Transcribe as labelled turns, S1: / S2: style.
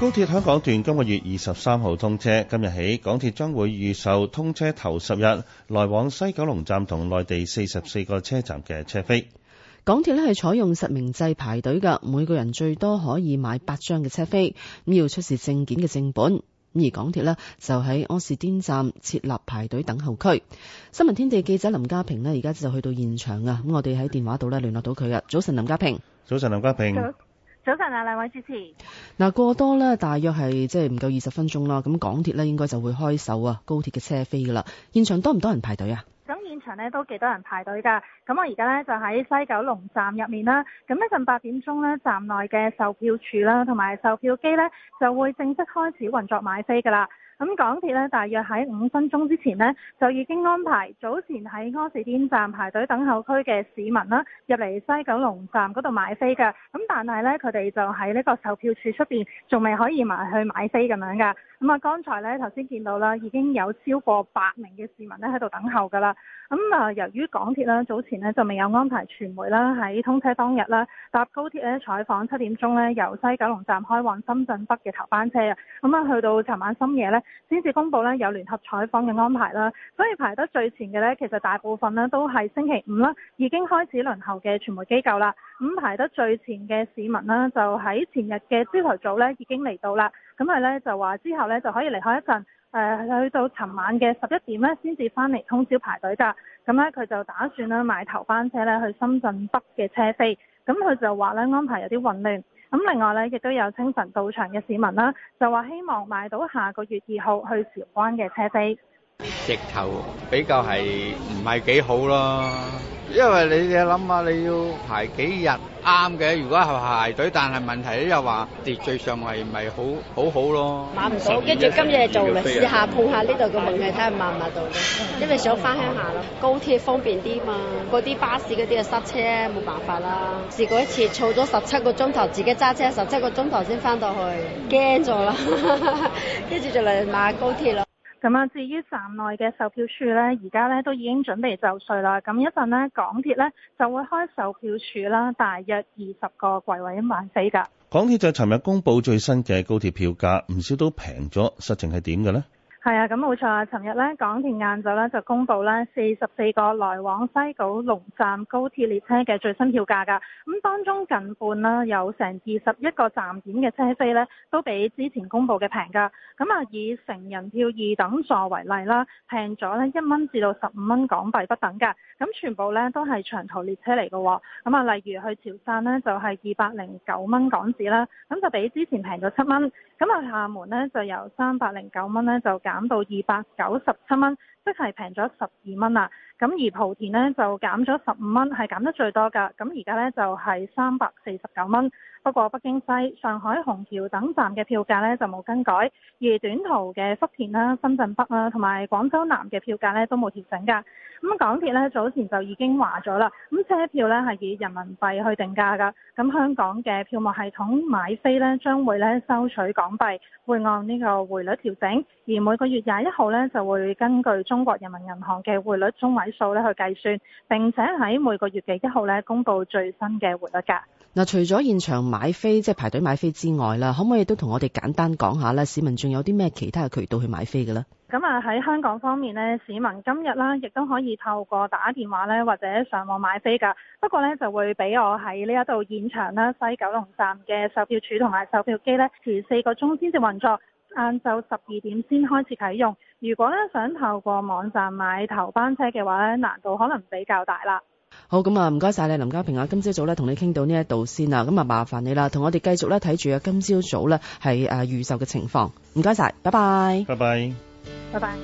S1: 高鐵香港段今個月二十三號通車，今日起港鐵將會預售通車頭十日來往西九龍站同內地四十四個車站嘅車飛。港鐵呢係採用實名制排隊嘅，每個人最多可以買八張嘅車飛，咁要出示證件嘅正本。咁而港鐵呢，就喺柯士甸站設立排隊等候區。新聞天地記者林家萍呢，而家就去到現場啊！咁我哋喺電話度呢，聯絡到佢啊。早晨，林家萍。早晨，林家萍。
S2: 早晨啊，兩位主持。
S1: 嗱，過多咧，大約係即係唔夠二十分鐘啦。咁港鐵咧應該就會開售啊，高鐵嘅車飛噶啦。現場多唔多人排隊啊？
S2: 咁現場咧都幾多人排隊㗎。咁我而家咧就喺西九龍站入面啦。咁一陣八點鐘咧，站內嘅售票處啦，同埋售票機咧就會正式開始運作買飛㗎啦。咁港鐵咧，大約喺五分鐘之前咧，就已經安排早前喺柯士甸站排隊等候區嘅市民啦，入嚟西九龍站嗰度買飛㗎。咁但係咧，佢哋就喺呢個售票處出面，仲未可以埋去買飛咁樣噶。咁啊，剛才咧頭先見到啦，已經有超過百名嘅市民咧喺度等候㗎啦。咁、嗯、啊，由於港鐵咧早前咧就未有安排傳媒啦，喺通車當日啦，搭高鐵咧採訪七點鐘咧由西九龍站開往深圳北嘅頭班車啊。咁、嗯、啊，去到尋晚深夜咧先至公布咧有聯合採訪嘅安排啦。所以排得最前嘅咧，其實大部分咧都係星期五啦，已經開始輪候嘅傳媒機構啦。咁、嗯、排得最前嘅市民啦，就喺前日嘅朝頭早咧已經嚟到啦。咁係咧就話之後。咧就可以離開一陣，誒、呃、去到尋晚嘅十一點咧，先至翻嚟通宵排隊㗎。咁咧佢就打算咧買頭班車咧去深圳北嘅車飛。咁佢就話咧安排有啲混亂。咁另外咧亦都有清晨到場嘅市民啦，就話希望買到下個月二號去韶關嘅車飛。直頭比較係唔係幾好咯？因為你你諗下，你要排幾日啱嘅，如果係排隊，但係問題咧又話秩序上係咪好好好咯。買唔到，跟住今日做嚟試要飛 下碰下呢度嘅運氣，睇下買唔買到
S1: 咯。因為想翻鄉下咯，高鐵方便啲嘛。嗰啲巴士嗰啲啊塞車，冇辦
S2: 法啦。試過一次，坐咗十七個鐘頭，自己揸車十七個鐘頭先翻到去，驚咗啦。跟住就嚟買高鐵啦。咁啊，至於站內嘅售票處咧，而家咧都已經準備就緒啦。咁一陣咧，港鐵咧就會開售票處啦，大約二十個櫃位，一萬四噶。
S1: 港鐵就尋日公布最新嘅高鐵票價，唔少都平咗，實情係點嘅咧？
S2: 係啊，咁冇錯啊！尋日咧，港鐵晏晝咧就公布咧四十四個來往西九龍站高鐵列車嘅最新票價㗎。咁當中近半啦，有成二十一個站點嘅車票咧，都比之前公布嘅平㗎。咁啊，以成人票二等座為例啦，平咗咧一蚊至到十五蚊港幣不等㗎。咁全部咧都係長途列車嚟㗎喎。咁啊，例如去潮汕咧就係二百零九蚊港紙啦，咁就比之前平咗七蚊。咁啊，廈門咧就由三百零九蚊咧就減到二百九十七蚊，即係平咗十二蚊啦。咁而莆田呢，就減咗十五蚊，係減得最多噶。咁而家呢，就係三百四十九蚊。不過北京西、上海虹橋等站嘅票價呢，就冇更改，而短途嘅福田啦、深圳北啦同埋廣州南嘅票價呢，都冇調整噶。咁港鐵呢，早前就已經話咗啦，咁車票呢，係以人民幣去定價噶。咁香港嘅票務系統買飛呢，將會咧收取港幣，會按呢個匯率調整，而每個月廿一號呢，就會根據中國人民銀行嘅匯率中位數咧去計算，並且喺每個月嘅一號咧公佈最新嘅活率價。
S1: 嗱，除咗現場買飛，即係排隊買飛之外啦，可唔可以都同我哋簡單講下咧？市民仲有啲咩其他嘅渠道去買飛嘅咧？
S2: 咁啊喺香港方面咧，市民今日啦亦都可以透過打電話咧或者上網買飛噶。不過咧就會俾我喺呢一度現場啦，西九龍站嘅售票處同埋售票機咧遲四個鐘先至運作。晏晝十二點先開始啟用，如果咧想透過網站買頭班車嘅話咧，難度可能比較大啦。
S1: 好，咁啊唔該晒你，林家萍啊，今朝早咧同你傾到呢一度先啊，咁啊麻煩你啦，同我哋繼續咧睇住啊今朝早咧係誒預售嘅情況。唔該晒，拜拜，拜拜，拜
S2: 拜。拜拜。